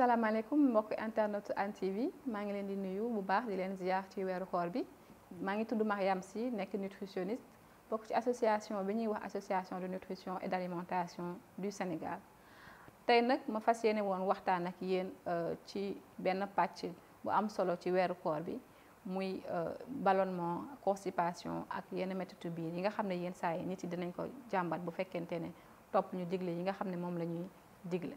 salaamaaleykum mbokk internet Hann TV maa ngi leen di nuyu bu baax di leen ziar ci wéru koor bi maa ngi tudd Mariam Sy nek nutritionniste bokk ci association bi ñuy wax association de nutrition et d'alimentation du Sénégal tay nak ma fas won woon waxtaan ak yéen euh, ci ben patch bu am solo ci wéru koor bi muy euh, ballonnement constipation ak yenn métitu biir yi nga xam ne yéen nit yi dinañ ko jàmbat bu fekkente ne top ñu diglé yi nga xam mom moom diglé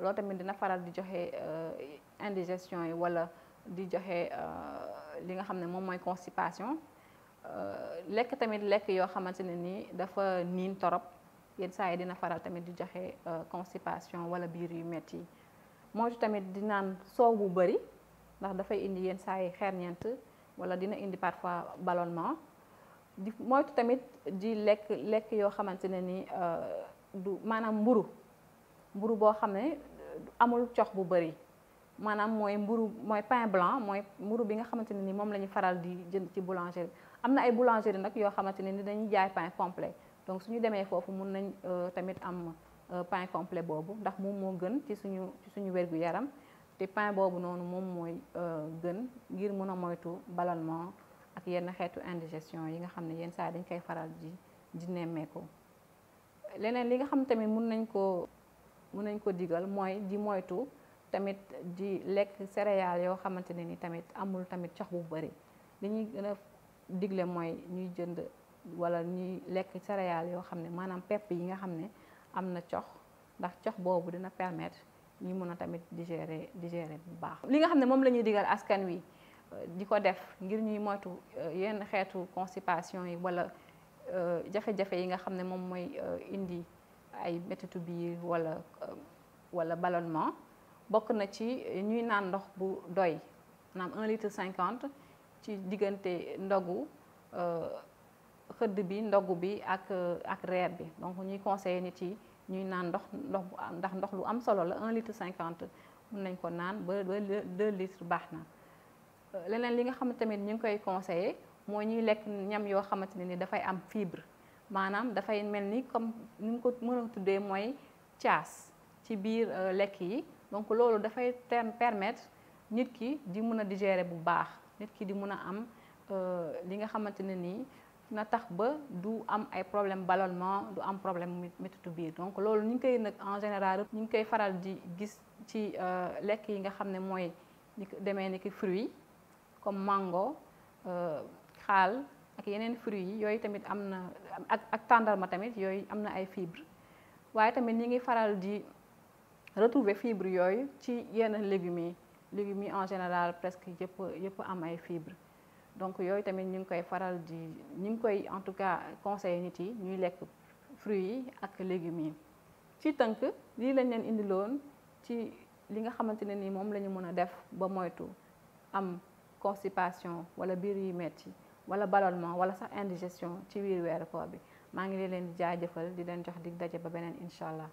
loolu tamit dina faral di joxe euh, indigestion yi wala di joxe euh, li nga xam ne moom mooy constipation euh, lekk tamit lekk yoo xamante ne nii dafa niin torop yenn saa yi dina faral tamit di joxe constipation wala biir yu metti yi moytu tamit di naan soow bu bëri ndax dafay indi yenn saa yi xerñeent wala dina indi parfois ballonnement di moytu tamit di lekk lekk yoo xamante ne ni du maanaam mburu mburu boo xam ne amul cox bu bari maanaam mooy mburu mooy pain blanc mooy mburu bi nga xamante ne ni moom la ñu faral di jënd ci boulangerie am na ay boulangerie nag yoo xamante ne ni dañuy jaay pain complet donc suñu demee foofu mun nañ euh, tamit am euh, pain complet boobu ndax moom moo gën ci suñu suñu wérgu yaram te pain boobu noonu moom mooy euh, gën ngir mun a moytu ballonnement ak yenn xeetu indigestion yi nga xam ne yenn saa dañ koy faral di di nemmeeku leneen li nga xam tamit mun nañ ko mën nañ ko digal moy di moytu tamit di lekk céréales yo xamanteni ni tamit amul tamit cox bu bari li gëna diglé moy ñuy jënd wala ñuy lekk céréales yo xamné manam maanaam yi nga xamné amna am ndax cox bobu dina permettre ñi mëna tamit digérer digérer bu baax. li nga xamné mom lañuy la digal askan wi euh, diko def ngir ñuy moytu euh, yenn xétu constipation yi wala jafé euh, jafé yi nga xamné mom moy indi ay métitu biir wala euh, wala ballonnement bokk na ci ñuy naan ndox bu doy naam un litre cinquante ci diganté ndogu euh, xëdd bi ndogu bi ak euh, ak reer bi donc ñuy conseiller nit yi ñuy naan ndox ndox ndax ndox lu am solo la 1 litre 50 mën nañ ko naan ba 2 litres baxna na leneen li nga xamanteni tamit ñu koy conseiller mooy ñuy lek ñam yo xamanteni ne ni dafay am fibre maanaam dafay mel ni comme ni mu ko mën a tuddee mooy caas ci biir euh, lekk yi donc loolu dafay permettre nit ki di mën a digere bu baax nit ki di mën a am euh, li nga xamante ne nii na tax ba du am ay problème ballonnement du am problème métitu biir donc loolu ñu ngi koy nag en général ñu ngi koy faral di gis ci euh, lekk yi nga xam ne mooy ni demee ni ki fruit comme mango xaal ak yenen fruits yi yooyu tamit amna ak ak tàndarma tamit yoy amna ay fibres waye tamit ni ngi faral di retrouver fibres yoy ci yenn légumes yi légumes yi en général presque yëpp yëpp am ay fibres donc yoy tamit ñu ngi koy faral di ñu ngi koy en tout cas conseiller nit yi ñuy lek fruits yi ak légumes yi ci tank lii lañ leen indiloon ci li nga xamante ni moom lañu ñu mën a def ba moytu am constipation wala biir yi metti wala ballonnement wala sax indigestion ci biir weeru koor bi maa ngi leen di jaajëfal di leen jox dig daje ba beneen incha allah